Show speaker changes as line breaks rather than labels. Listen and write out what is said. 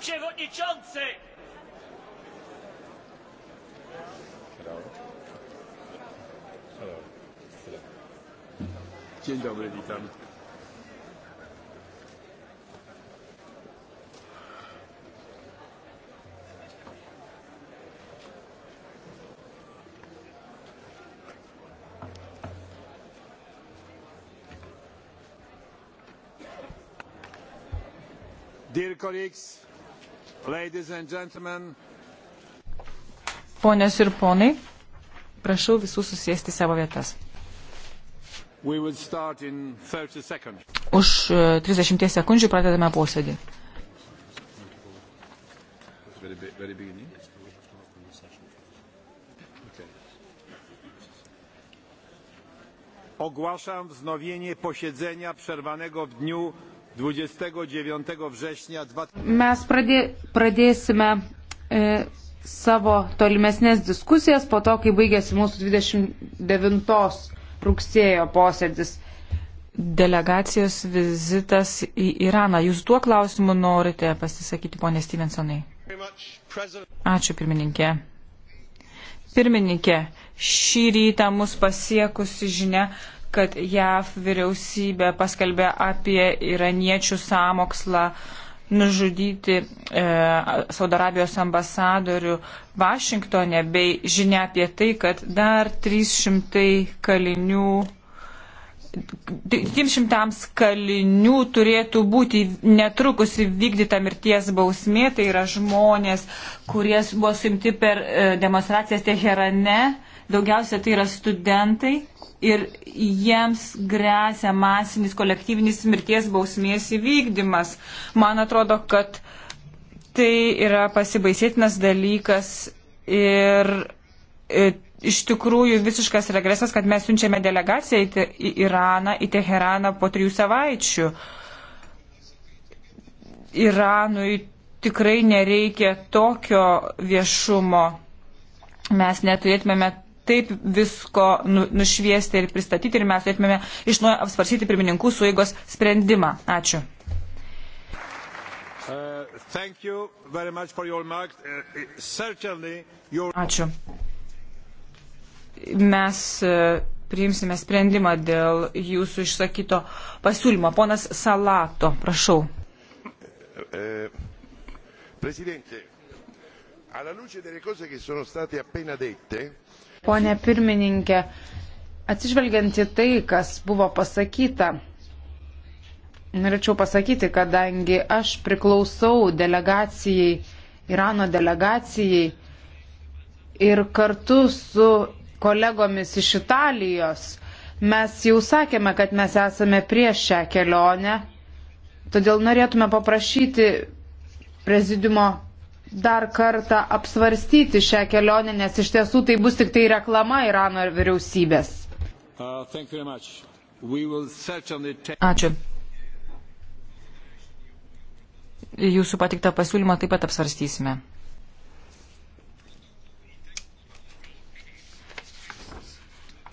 przewodniczący! Hello. Hello. Hello. Dzień dobry, witam. Dear colleagues, Ponios ir ponai, prašau visų susėsti savo vietas. Už 30 e, sekundžių pradedame posėdį. Very, very beginning.
ogłaszam wznowienie posiedzenia przerwanego w dniu Mes pradė, pradėsime e, savo tolimesnės diskusijas po to, kai baigėsi
mūsų 29 rugsėjo posėdis. Delegacijos vizitas į Iraną. Jūs tuo klausimu norite pasisakyti, ponė Stevensonai? Ačiū, pirmininkė. Pirmininkė, šį rytą mus pasiekusi žinia kad JAV vyriausybė paskelbė apie iraniečių sąmokslą nužudyti e, Saudarabijos ambasadorių Vašingtonė bei žinia apie tai, kad dar 300 kalinių 300 kalinių turėtų būti netrukus įvykdyta mirties bausmė, tai yra žmonės, kurie buvo suimti per e, demonstracijas Teherane, daugiausia tai yra studentai ir jiems grėsia masinis kolektyvinis mirties bausmės įvykdymas. Man atrodo, kad tai yra pasibaisėtinas dalykas ir, ir e, iš tikrųjų visiškas regresas, kad mes siunčiame delegaciją į, te, į Iraną, į Teheraną po trijų savaičių. Iranui tikrai nereikia tokio viešumo. Mes neturėtumėme taip visko nu, nušviesti ir pristatyti ir mes turėtume iš nuojo apsvarsyti pirmininkų suėgos sprendimą. Ačiū. Uh, uh, Ačiū. Mes uh, priimsime sprendimą dėl jūsų išsakyto pasiūlymo. Ponas Salato, prašau. Presidente, Pone
pirmininkė, atsižvelgiant į tai, kas buvo pasakyta, norėčiau pasakyti, kadangi aš priklausau delegacijai, Irano delegacijai ir kartu su kolegomis iš Italijos mes jau sakėme, kad mes esame prieš šią kelionę, todėl norėtume paprašyti prezidiumo dar kartą apsvarstyti šią kelionę, nes iš tiesų tai bus tik tai reklama
Irano vyriausybės.
Uh, Ačiū.
Jūsų patiktą pasiūlymą taip pat apsvarstysime.